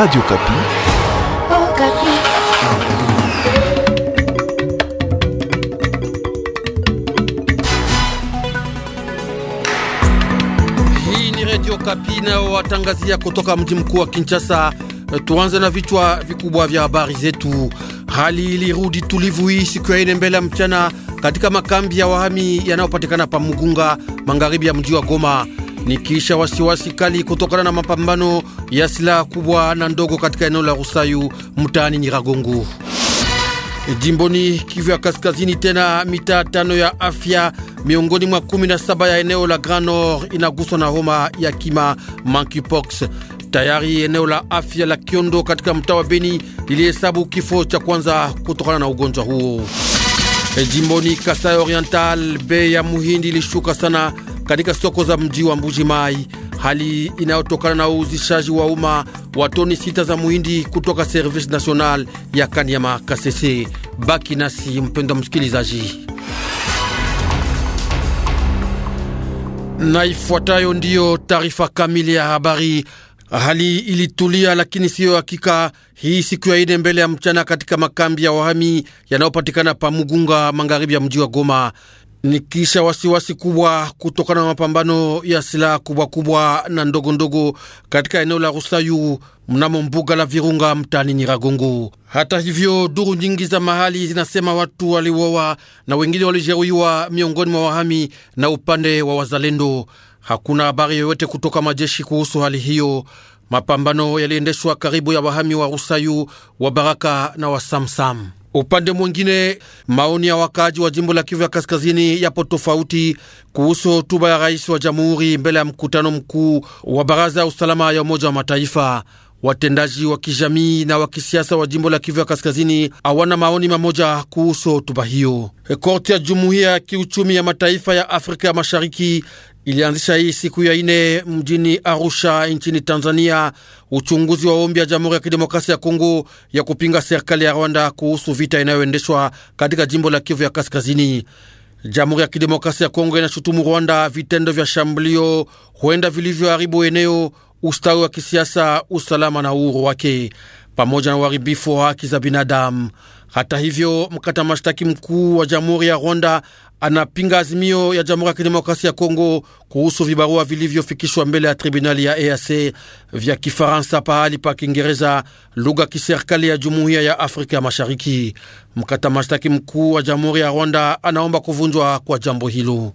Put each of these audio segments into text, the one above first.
Radio Kapi. Oh, Kapi. Hii ni Radio Kapi nao watangazia kutoka mji mkuu wa Kinshasa. Tuanze na vichwa vikubwa vya habari zetu. Hali ilirudi tulivu hii siku ya ine mbele ya mchana katika makambi ya wahami yanayopatikana pa Mugunga magharibi ya mji wa Goma ni kisha wasiwasi kali kutokana na mapambano ya silaha kubwa na ndogo katika eneo la Rusayu mtaani Nyiragongo jimboni Kivu ya Kaskazini. Tena mitaa tano ya afya miongoni mwa saba ya eneo la Grand Nord inaguswa na homa ya kima monkeypox. Tayari eneo la afya la Kiondo katika mtaa wa Beni lilihesabu kifo cha kwanza kutokana na ugonjwa huo. Jimboni Kasai Oriental, bei ya muhindi ilishuka sana katika soko za mji wa Mbuji Mai, hali inayotokana na uuzishaji wa umma wa toni sita za muhindi kutoka Service National ya Kanyama Kasese. Baki nasi mpendwa msikilizaji, na ifuatayo ndiyo taarifa kamili ya habari. Hali ilitulia lakini siyo hakika hii siku ya ine mbele ya mchana katika makambi ya wahami yanayopatikana pa Mugunga magharibi ya mji wa Goma ni kisha wasiwasi kubwa kutokana na mapambano ya silaha kubwa kubwa na ndogo ndogo katika eneo la Rusayu mnamo mbuga la Virunga mtaani Nyiragongo. Hata hivyo, duru nyingi za mahali zinasema watu waliuawa na wengine walijeruhiwa miongoni mwa wahami na upande wa wazalendo. Hakuna habari yoyote kutoka majeshi kuhusu hali hiyo. Mapambano yaliendeshwa karibu ya wahami wa Rusayu, wa Baraka na wa Samsam. Upande mwingine maoni ya wakaaji wa jimbo la Kivu ya kaskazini yapo tofauti kuhusu hotuba ya rais wa jamhuri mbele ya mkutano mkuu wa baraza ya usalama ya Umoja wa Mataifa. Watendaji wa kijamii na wa kisiasa wa jimbo la Kivu ya kaskazini hawana maoni mamoja kuhusu hotuba hiyo. Korti ya Jumuiya ya Kiuchumi ya Mataifa ya Afrika ya Mashariki ilianzisha hii siku ya ine mjini Arusha nchini Tanzania uchunguzi wa ombi ya Jamhuri ya Kidemokrasia ya Kongo ya kupinga serikali ya Rwanda kuhusu vita inayoendeshwa katika jimbo la Kivu ya Kaskazini. Jamhuri ya Kidemokrasia ya Kongo inashutumu Rwanda vitendo vya shambulio huenda vilivyoharibu eneo, ustawi wa kisiasa, usalama na uhuru wake pamoja na uharibifu wa haki za binadamu. Hata hivyo, mkata mashtaki mkuu wa jamhuri ya Rwanda anapinga azimio ya Jamhuri ya Kidemokrasia ya Kongo kuhusu vibarua vilivyofikishwa mbele ya tribunali ya EAC vya Kifaransa pahali pa Kiingereza, lugha kiserikali ya Jumuiya ya Afrika ya Mashariki. Mkata mashtaki mkuu wa Jamhuri ya Rwanda anaomba kuvunjwa kwa jambo hilo.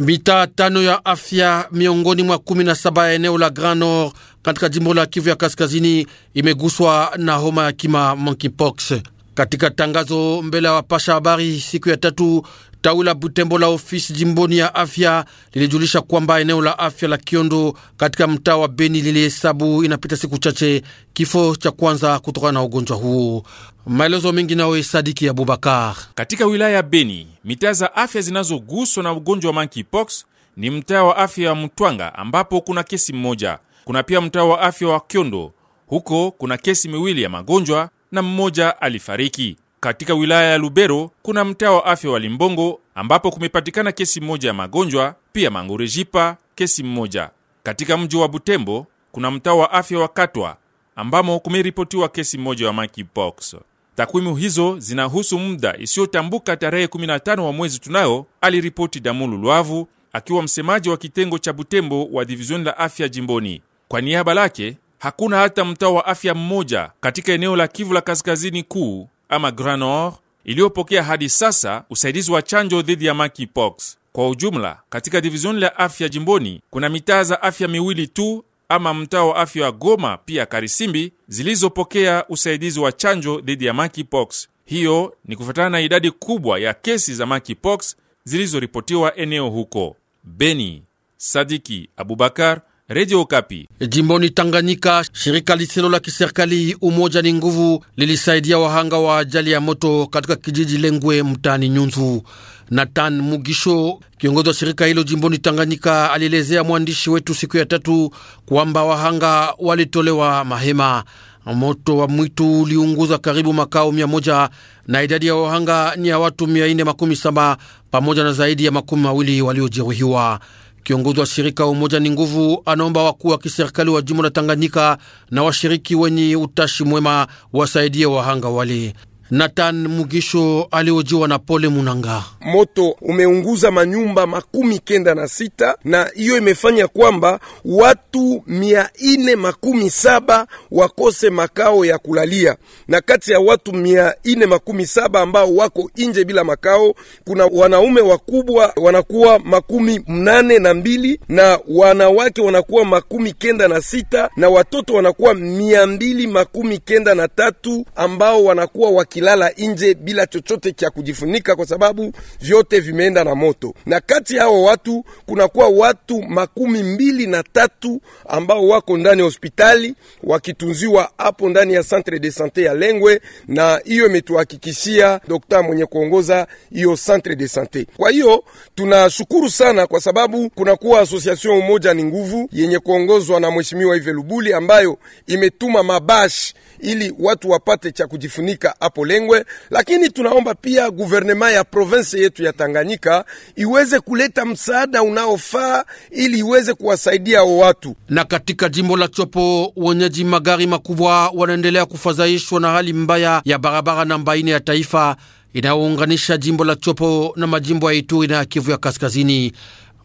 Mitaa tano ya afya miongoni mwa kumi na saba ya eneo la Grand Nord katika jimbo la Kivu ya kaskazini imeguswa na homa ya kima monkeypox. Katika tangazo mbele ya wapasha habari siku ya tatu, Tawi la Butembo la ofisi jimboni ya afya lilijulisha kwamba eneo la afya la Kiondo katika mtaa wa Beni lilihesabu inapita siku chache kifo cha kwanza kutokana na ugonjwa huo. Maelezo mengi nawe Sadiki Abubakar. Katika wilaya ya Beni, mitaa za afya zinazoguswa na ugonjwa wa monkeypox ni mtaa wa afya wa Mtwanga ambapo kuna kesi mmoja. Kuna pia mtaa wa afya wa Kiondo, huko kuna kesi miwili ya magonjwa na mmoja alifariki. Katika wilaya ya Lubero kuna mtaa wa afya wa Limbongo ambapo kumepatikana kesi moja ya magonjwa, pia Mangurejipa kesi mmoja. Katika mji wa Butembo kuna mtaa wa afya wa Katwa ambamo kumeripotiwa kesi moja ya monkeypox. Takwimu hizo zinahusu muda isiyotambuka tarehe 15 wa mwezi tunayo, aliripoti Damulu Lwavu akiwa msemaji wa kitengo cha Butembo wa divizioni la afya jimboni. Kwa niaba lake, hakuna hata mtaa wa afya mmoja katika eneo la Kivu la kaskazini kuu ama Granor iliyopokea hadi sasa usaidizi wa chanjo dhidi ya monkeypox. Kwa ujumla, katika divizioni la afya jimboni kuna mitaa za afya miwili tu ama mtaa wa afya wa Goma pia Karisimbi zilizopokea usaidizi wa chanjo dhidi ya monkeypox. Hiyo ni kufuatana na idadi kubwa ya kesi za monkeypox zilizoripotiwa eneo huko. Beni, Sadiki Abubakar, Radio Kapi. Jimboni Tanganyika, shirika lisilo la kiserikali Umoja ni Nguvu lilisaidia wahanga wa ajali ya moto katika kijiji Lengwe mtaani Nyunzu. Nathan Mugisho, kiongozi wa shirika hilo jimboni Tanganyika, alielezea mwandishi wetu siku ya tatu kwamba wahanga walitolewa mahema. Moto wa mwitu uliunguza karibu makao mia moja na idadi ya wahanga ni ya watu mia nne makumi saba pamoja na zaidi ya makumi mawili waliojeruhiwa. Kiongozi wa shirika Umoja ni Nguvu anaomba wakuu wa kiserikali wa jimbo la Tanganyika na washiriki wenye utashi mwema wasaidie wahanga wale. Nathan Mugisho aliojiwa na Pole Munanga. Moto umeunguza manyumba makumi kenda na sita na hiyo imefanya kwamba watu mia ine makumi saba wakose makao ya kulalia, na kati ya watu mia ine makumi saba ambao wako inje bila makao, kuna wanaume wakubwa wanakuwa makumi mnane na mbili na wanawake wanakuwa makumi kenda na sita na watoto wanakuwa mia mbili makumi kenda na tatu ambao wanakuwa waki wakilala nje bila chochote cha kujifunika, kwa sababu vyote vimeenda na moto. Na kati yao watu kunakuwa watu makumi mbili na tatu ambao wako ndani ya hospitali wakitunziwa hapo ndani ya centre de sante ya Lengwe, na hiyo imetuhakikishia dokta mwenye kuongoza hiyo centre de sante. Kwa hiyo tunashukuru sana, kwa sababu kunakuwa asosiasion umoja ni nguvu yenye kuongozwa na mheshimiwa Ive Lubuli ambayo imetuma mabash ili watu wapate cha kujifunika hapo Mulengwe, lakini tunaomba pia guvernema ya province yetu ya Tanganyika iweze kuleta msaada unaofaa ili iweze kuwasaidia hao watu. Na katika jimbo la Chopo, wenyeji magari makubwa wanaendelea kufadhaishwa na hali mbaya ya barabara namba ine ya taifa inayounganisha jimbo la Chopo na majimbo ya Ituri na ya Kivu ya Kaskazini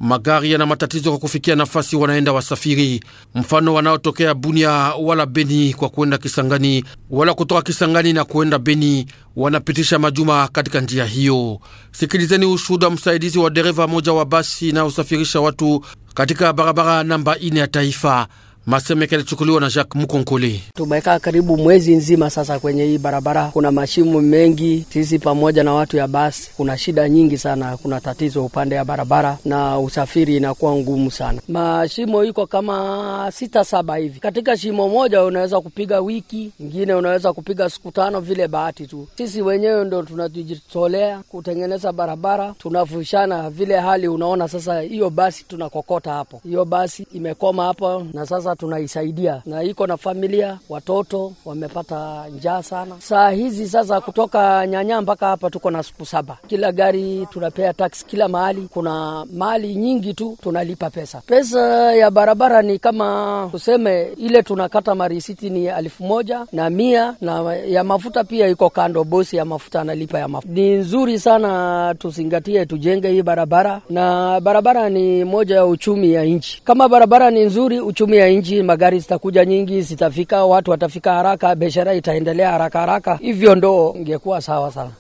magari yana matatizo kwa kufikia nafasi wanaenda wasafiri, mfano wanaotokea Bunia wala Beni kwa kuenda Kisangani wala kutoka Kisangani na kuenda Beni wanapitisha majuma katika njia hiyo. Sikilizeni ushuhuda msaidizi wa dereva moja wa basi na usafirisha watu katika barabara namba ine ya taifa Maseme alichukuliwa na Jacques Mukonkoli. Tumekaa karibu mwezi nzima sasa kwenye hii barabara, kuna mashimo mengi. Sisi pamoja na watu ya basi, kuna shida nyingi sana, kuna tatizo upande ya barabara na usafiri inakuwa ngumu sana. Mashimo iko kama sita saba hivi, katika shimo moja unaweza kupiga wiki ingine, unaweza kupiga siku tano, vile bahati tu. Sisi wenyewe ndo tunajitolea kutengeneza barabara, tunavushana vile hali. Unaona sasa hiyo basi tunakokota hapo, hiyo basi imekoma hapo na sasa sasa tunaisaidia na iko na familia, watoto wamepata njaa sana. Saa hizi sasa kutoka nyanya mpaka hapa tuko na siku saba, kila gari tunapea taksi, kila mahali kuna mahali nyingi tu tunalipa pesa. Pesa ya barabara ni kama tuseme, ile tunakata marisiti ni elfu moja na mia, na ya mafuta pia iko kando, bosi ya mafuta analipa ya mafuta. Ni nzuri sana, tuzingatie, tujenge hii barabara, na barabara ni moja ya uchumi ya nchi. Kama barabara ni nzuri, uchumi ya nchi nchi, magari zitakuja nyingi, zitafika, watu watafika haraka, biashara itaendelea haraka haraka, hivyo ndo ingekuwa sawa sawa.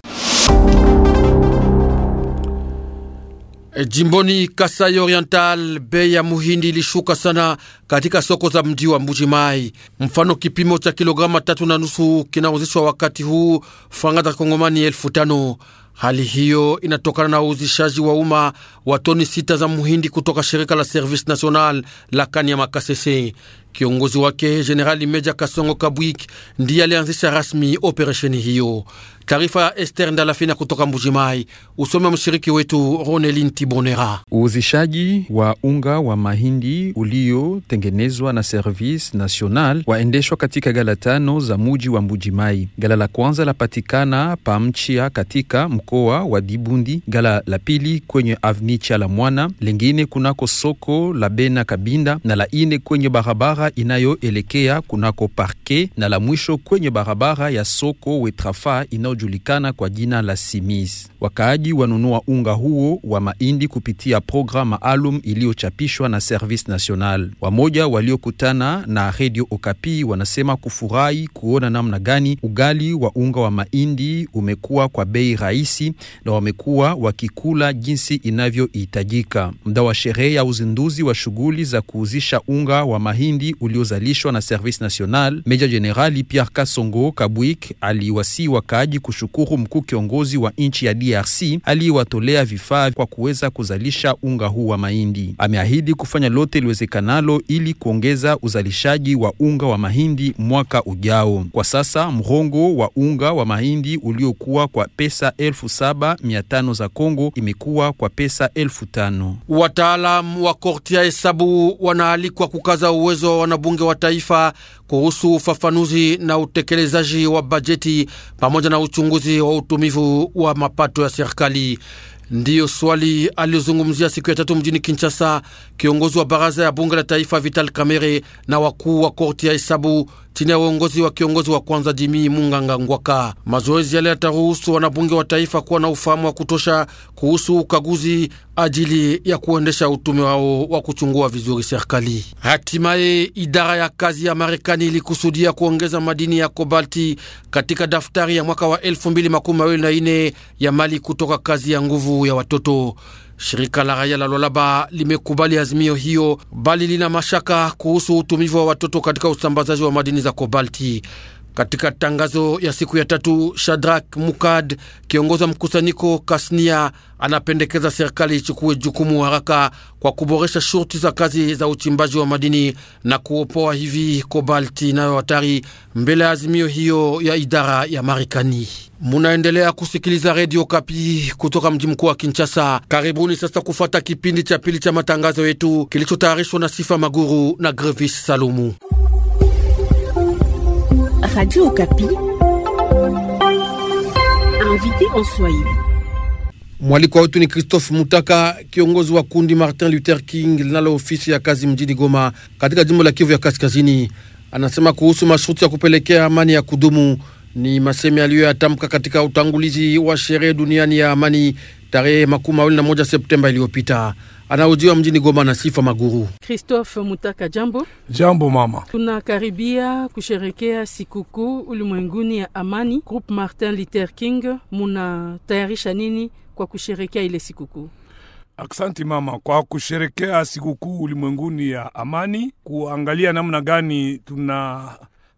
E, jimboni Kasai Oriental, bei ya muhindi ilishuka sana katika soko za mji wa Mbuji Mai. Mfano, kipimo cha kilograma tatu na nusu kinauzishwa wakati huu franga za Kongomani elfu tano. Hali hiyo inatokana na uuzishaji wa umma wa toni sita za muhindi kutoka shirika la Service National la Kanyama Kasese. Kiongozi wake Jenerali Meja Kasongo Kabwik ndiye alianzisha rasmi operesheni hiyo. Taarifa ya Ester Ndalafina kutoka Mbujimai, usome mshiriki wetu Ronelin Tibonera. Uuzishaji wa unga wa mahindi uliotengenezwa na Service National waendeshwa katika gala tano za muji wa Mbujimai. Gala la kwanza lapatikana pamchia katika mkoa wa Dibundi, gala la pili kwenye avni cha la Mwana, lingine kunako soko la Bena Kabinda na la ine kwenye barabara barabara inayoelekea kunako parke na la mwisho kwenye barabara ya soko Wetrafa inayojulikana kwa jina la Simis. Wakaaji wanunua unga huo wa mahindi kupitia programu maalum iliyochapishwa na Service National. Wamoja waliokutana na Radio Okapi wanasema kufurahi kuona namna gani ugali wa unga wa mahindi umekuwa kwa bei rahisi na wamekuwa wakikula jinsi inavyohitajika. Mda wa sherehe ya uzinduzi wa shughuli za kuuzisha unga wa mahindi uliozalishwa na Service National, Meja Jenerali Pierre Kasongo Kabwik aliwasii wakaaji kushukuru mkuu kiongozi wa nchi ya DRC aliyewatolea vifaa kwa kuweza kuzalisha unga huu wa mahindi. Ameahidi kufanya lote liwezekanalo ili kuongeza uzalishaji wa unga wa mahindi mwaka ujao. Kwa sasa mrongo wa unga wa mahindi uliokuwa kwa pesa elfu saba mia tano za Kongo imekuwa kwa pesa elfu tano. Wataalamu wa korti ya hesabu wanaalikwa kukaza uwezo wanabunge wa taifa kuhusu ufafanuzi na utekelezaji wa bajeti pamoja na uchunguzi wa utumivu wa mapato ya serikali. Ndiyo swali aliyozungumzia siku ya tatu mjini Kinshasa, kiongozi wa baraza ya bunge la taifa Vital Kamerhe na wakuu wa korti ya hesabu chini ya uongozi wa kiongozi wa kwanza Jimi Munganga Ngwaka. Mazoezi yale yataruhusu wanabunge wa taifa kuwa na ufahamu wa kutosha kuhusu ukaguzi ajili ya kuendesha utume wao wa kuchungua vizuri serikali. Hatimaye, idara ya kazi ya Marekani ilikusudia kuongeza madini ya kobalti katika daftari ya mwaka wa 2024 ya mali kutoka kazi ya nguvu ya watoto. Shirika la raia la Lwalaba limekubali azimio hiyo, bali lina mashaka kuhusu utumivu wa watoto katika usambazaji wa madini za kobalti. Katika tangazo ya siku ya tatu, Shadrak Mukad, kiongozi wa mkusanyiko Kasnia, anapendekeza serikali ichukue jukumu haraka kwa kuboresha shurti za kazi za uchimbaji wa madini na kuopoa hivi kobalti inayo hatari mbele ya azimio hiyo ya idara ya Marekani. Munaendelea kusikiliza redio Kapi kutoka mji mkuu wa Kinshasa. Karibuni sasa kufata kipindi cha pili cha matangazo yetu kilichotayarishwa na Sifa Maguru na Grevis Salumu. Radio Okapi. Invité en Swahili. Mwaliko wetu ni Christophe Mutaka, kiongozi wa kundi Martin Luther King linalo ofisi ya kazi mjini Goma katika jimbo la Kivu ya Kaskazini. Anasema kuhusu masharti ya kupelekea amani ya kudumu ni masemi aliyoyatamka katika utangulizi wa sherehe duniani ya amani tarehe makumi mawili na moja Septemba iliyopita anaojiwa mjini Goma na Sifa Maguru. Christophe Mutaka, jambo. Jambo mama. Tunakaribia kusherekea sikukuu ulimwenguni ya amani. Groupe Martin Luther King, munatayarisha nini kwa kusherekea ile sikukuu? Aksanti mama, kwa kusherekea sikukuu ulimwenguni ya amani, kuangalia namna gani tuna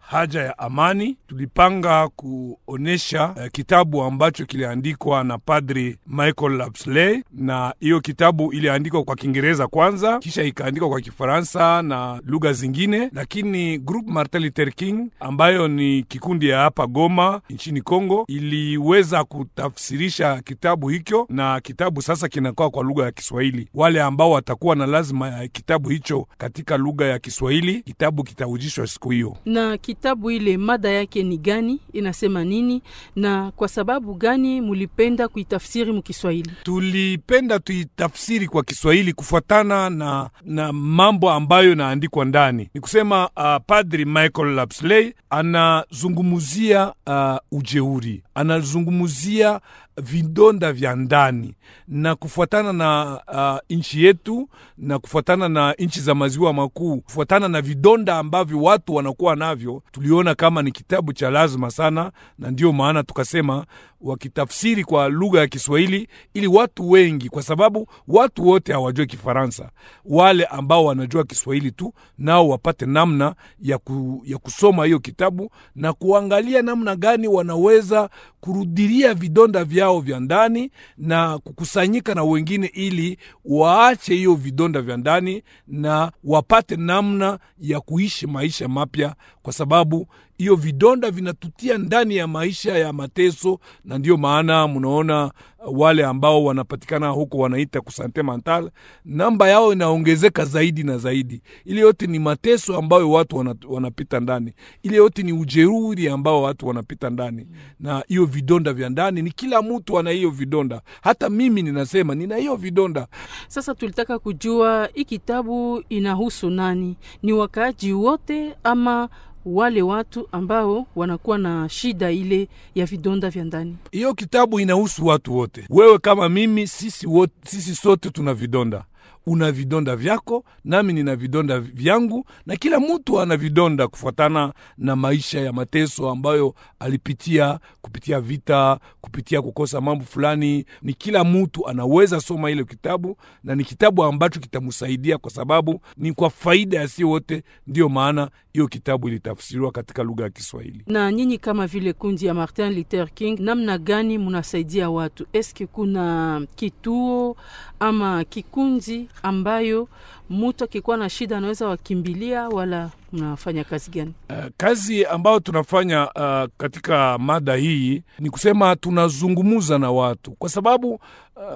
haja ya amani. Tulipanga kuonyesha eh, kitabu ambacho kiliandikwa na Padri Michael Lapsley, na hiyo kitabu iliandikwa kwa Kiingereza kwanza, kisha ikaandikwa kwa Kifaransa na lugha zingine, lakini Group Martin Luther King ambayo ni kikundi ya hapa Goma nchini Kongo iliweza kutafsirisha kitabu hicho, na kitabu sasa kinakuwa kwa lugha ya Kiswahili. Wale ambao watakuwa na lazima ya kitabu hicho katika lugha ya Kiswahili, kitabu kitaujishwa siku hiyo na kit kitabu ile mada yake ni gani, inasema nini, na kwa sababu gani mulipenda kuitafsiri mukiswahili? Tulipenda tuitafsiri kwa Kiswahili kufuatana na, na mambo ambayo naandikwa ndani. Ni kusema uh, Padri Michael Lapsley anazungumuzia uh, ujeuri, anazungumuzia vidonda vya ndani, na kufuatana na uh, nchi yetu na kufuatana na nchi za maziwa makuu, kufuatana na vidonda ambavyo watu wanakuwa navyo, tuliona kama ni kitabu cha lazima sana, na ndiyo maana tukasema wakitafsiri kwa lugha ya Kiswahili ili watu wengi, kwa sababu watu wote hawajue Kifaransa, wale ambao wanajua Kiswahili tu nao wapate namna ya, ku, ya kusoma hiyo kitabu na kuangalia namna gani wanaweza kurudilia vidonda vyao vya ndani na kukusanyika na wengine ili waache hiyo vidonda vya ndani na wapate namna ya kuishi maisha mapya, kwa sababu hiyo vidonda vinatutia ndani ya maisha ya mateso, na ndio maana mnaona uh, wale ambao wanapatikana huko wanaita kusante mental, namba yao inaongezeka zaidi na zaidi. Ile yote ni mateso ambayo watu wanapita ndani, ile yote ni ujeruri ambao watu wanapita ndani, na hiyo vidonda vya ndani ni kila mtu ana hiyo vidonda. Hata mimi ninasema nina hiyo vidonda. Sasa tulitaka kujua hii kitabu inahusu nani, ni wakaaji wote ama wale watu ambao wanakuwa na shida ile ya vidonda vya ndani. Hiyo kitabu inahusu watu wote, wewe kama mimi, sisi wote, sisi sote tuna vidonda una vidonda vyako, nami nina vidonda vyangu, na kila mtu ana vidonda kufuatana na maisha ya mateso ambayo alipitia kupitia vita, kupitia kukosa mambo fulani. Ni kila mtu anaweza soma ile kitabu, na ni kitabu ambacho kitamsaidia kwa sababu ni kwa faida ya si wote. Ndiyo maana hiyo kitabu ilitafsiriwa katika lugha ya Kiswahili. Na nyinyi kama vile kundi ya Martin Luther King, namna gani mnasaidia watu? Eske kuna kituo ama kikundi ambayo mtu akikuwa na shida anaweza wakimbilia wala Mnafanya kazi gani? Uh, kazi ambayo tunafanya uh, katika mada hii ni kusema tunazungumuza na watu kwa sababu uh,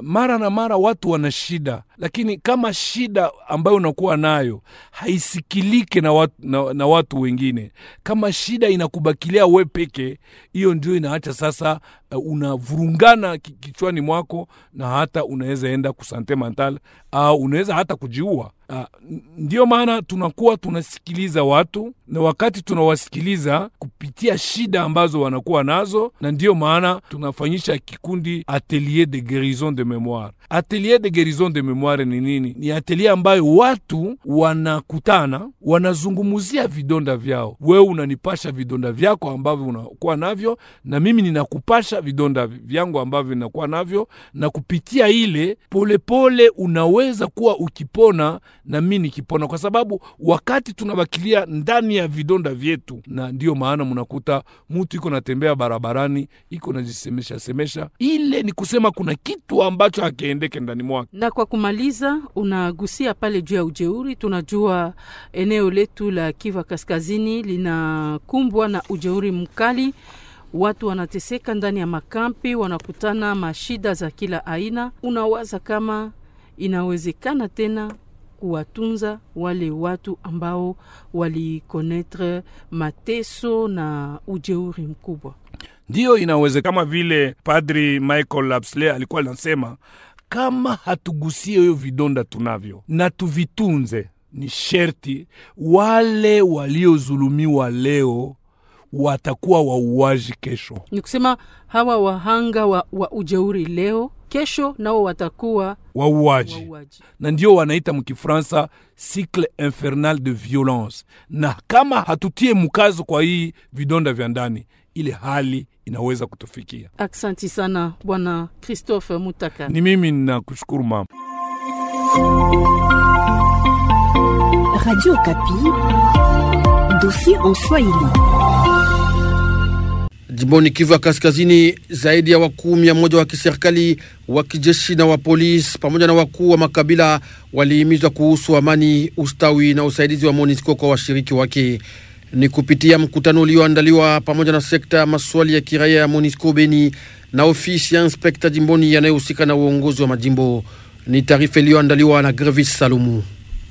mara na mara watu wana shida, lakini kama shida ambayo unakuwa nayo haisikilike na watu, na, na watu wengine, kama shida inakubakilia we peke, hiyo ndio inaacha sasa uh, unavurungana kichwani mwako na hata unaweza enda kusante mental au uh, unaweza hata kujiua Ah, ndiyo maana tunakuwa tunasikiliza watu, na wakati tunawasikiliza kupitia shida ambazo wanakuwa nazo, na ndiyo maana tunafanyisha kikundi atelier de guerison de memoire. Atelier de guerison de memoire ni nini? Ni atelier ambayo watu wanakutana, wanazungumuzia vidonda vyao. Wewe unanipasha vidonda vyako ambavyo unakuwa navyo, na mimi ninakupasha vidonda vyangu ambavyo ninakuwa navyo, na kupitia ile polepole pole unaweza kuwa ukipona na mi nikipona, kwa sababu wakati tunabakilia ndani ya vidonda vyetu, na ndiyo maana mnakuta mutu iko natembea barabarani iko najisemesha semesha, ile ni kusema kuna kitu ambacho hakiendeke ndani mwake. Na kwa kumaliza, unagusia pale juu ya ujeuri. Tunajua eneo letu la Kiva Kaskazini linakumbwa na ujeuri mkali watu wanateseka ndani ya makampi, wanakutana mashida za kila aina. Unawaza kama inawezekana tena kuwatunza wale watu ambao walikonetre mateso na ujeuri mkubwa. Ndiyo inaweze kama vile Padri Michael Lapsley alikuwa anasema, kama hatugusie hiyo vidonda tunavyo na tuvitunze, ni sherti wale waliozulumiwa leo watakuwa wauaji kesho. Ni kusema hawa wahanga wa, wa ujeuri leo kesho nao watakuwa wauaji, na ndio wanaita mkifransa cycle infernal de violence. Na kama hatutie mkazo kwa hii vidonda vya ndani, ile hali inaweza kutufikia. Aksanti sana Bwana Christophe Mutaka. Ni mimi ninakushukuru mama. Radio Kapi, dosie en Swahili. Jimboni Kivu ya Kaskazini, zaidi ya wakuu mia moja wa kiserikali wa kijeshi na wa polisi pamoja na wakuu wa makabila walihimizwa kuhusu amani, ustawi na usaidizi wa MONUSCO kwa washiriki wake. Ni kupitia mkutano ulioandaliwa pamoja na sekta ya maswali ya kiraia ya MONUSCO Beni na ofisi ya inspekta jimboni yanayohusika na uongozi wa majimbo. Ni taarifa iliyoandaliwa na Grevis Salumu.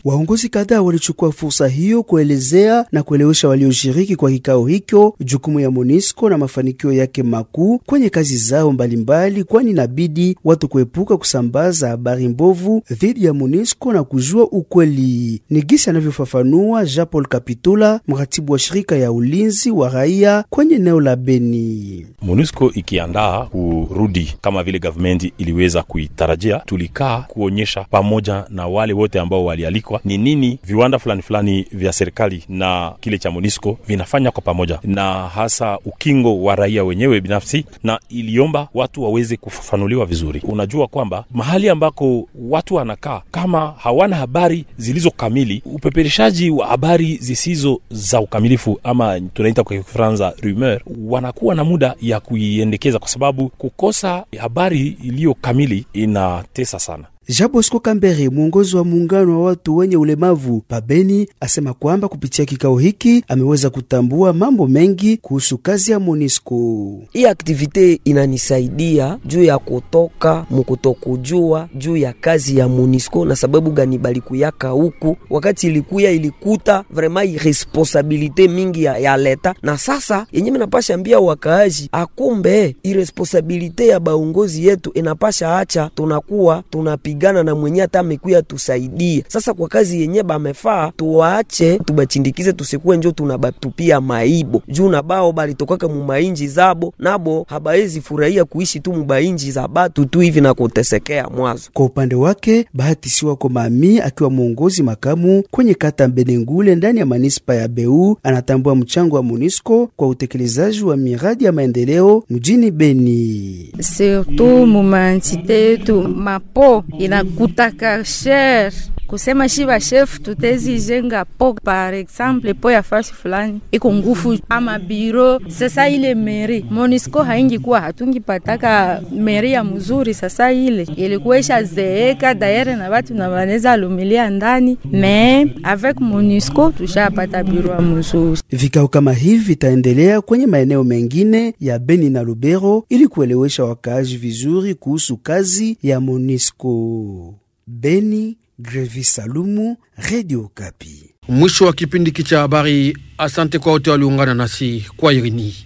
Waongozi kadhaa walichukua fursa hiyo kuelezea na kuelewesha walioshiriki kwa kikao hicho jukumu ya MONUSCO na mafanikio yake makuu kwenye kazi zao mbalimbali, kwani inabidi watu kuepuka kusambaza habari mbovu dhidi ya MONUSCO na kujua ukweli. Ni gisi anavyofafanua Jean Paul Kapitula, mratibu wa shirika ya ulinzi wa raia kwenye eneo la Beni. MONUSCO ikiandaa kurudi kama vile gavumenti iliweza kuitarajia, tulikaa kuonyesha pamoja na wale wote ambao walialikwa kubwa ni nini viwanda fulani fulani vya serikali na kile cha monisco vinafanya kwa pamoja, na hasa ukingo wa raia wenyewe binafsi, na iliomba watu waweze kufafanuliwa vizuri. Unajua kwamba mahali ambako watu wanakaa kama hawana habari zilizo kamili, upepereshaji wa habari zisizo za ukamilifu ama tunaita kwa Kifaransa rumeur, wanakuwa na muda ya kuiendekeza, kwa sababu kukosa habari iliyo kamili inatesa sana jabosco Bosco Kambere, mwongozi wa muungano wa watu wenye ulemavu pabeni, asema kwamba kupitia kikao hiki ameweza kutambua mambo mengi kuhusu kazi ya Monisco. Hii aktivite inanisaidia juu ya kutoka mukutokujua juu ya kazi ya Monisco na sababu gani balikuyaka huku, wakati ilikuya ilikuta vrema iresponsabilite mingi ya, ya leta, na sasa yenye minapasha ambia wakaaji akumbe iresponsabilite ya baongozi yetu inapasha acha, tunakuwa tunapiga kupigana na mwenye hata amekuya tusaidia. Sasa kwa kazi yenye bamefaa tuwaache, tubachindikize, tusikuwe njo tunabatupia maibo juu na bao balitokaka mumainji zabo, nabo habaezi furahia kuishi tu mubainji za batu tu hivi na kutesekea mwazo. Kwa upande wake Bahati Siwako Mami akiwa mwongozi makamu kwenye kata Mbenengule ndani ya manispa ya Beu anatambua mchango wa Munisco kwa utekelezaji wa miradi ya maendeleo mjini Beni surtout mumansite yetu mapo inakutaka cher kusema shiva chef tutezi jenga po par exemple po ya fasi fulani iko ngufu ama biro sasa, ile meri Monisco haingi kuwa hatungi pataka meri ya mzuri. Sasa ile ilikuwesha zeeka dayere na watu na wanaweza alumilia ndani me avec Monisco tushapata biro ya mzuri. Vikao kama hivi vitaendelea kwenye maeneo mengine ya Beni na Lubero ili kuelewesha wakaaji vizuri kuhusu kazi ya Monisco. Beni, Grevi Salumu, Radio Kapi. Mwisho wa kipindi hiki cha habari. Asante kwa wote waliungana nasi kwa irini.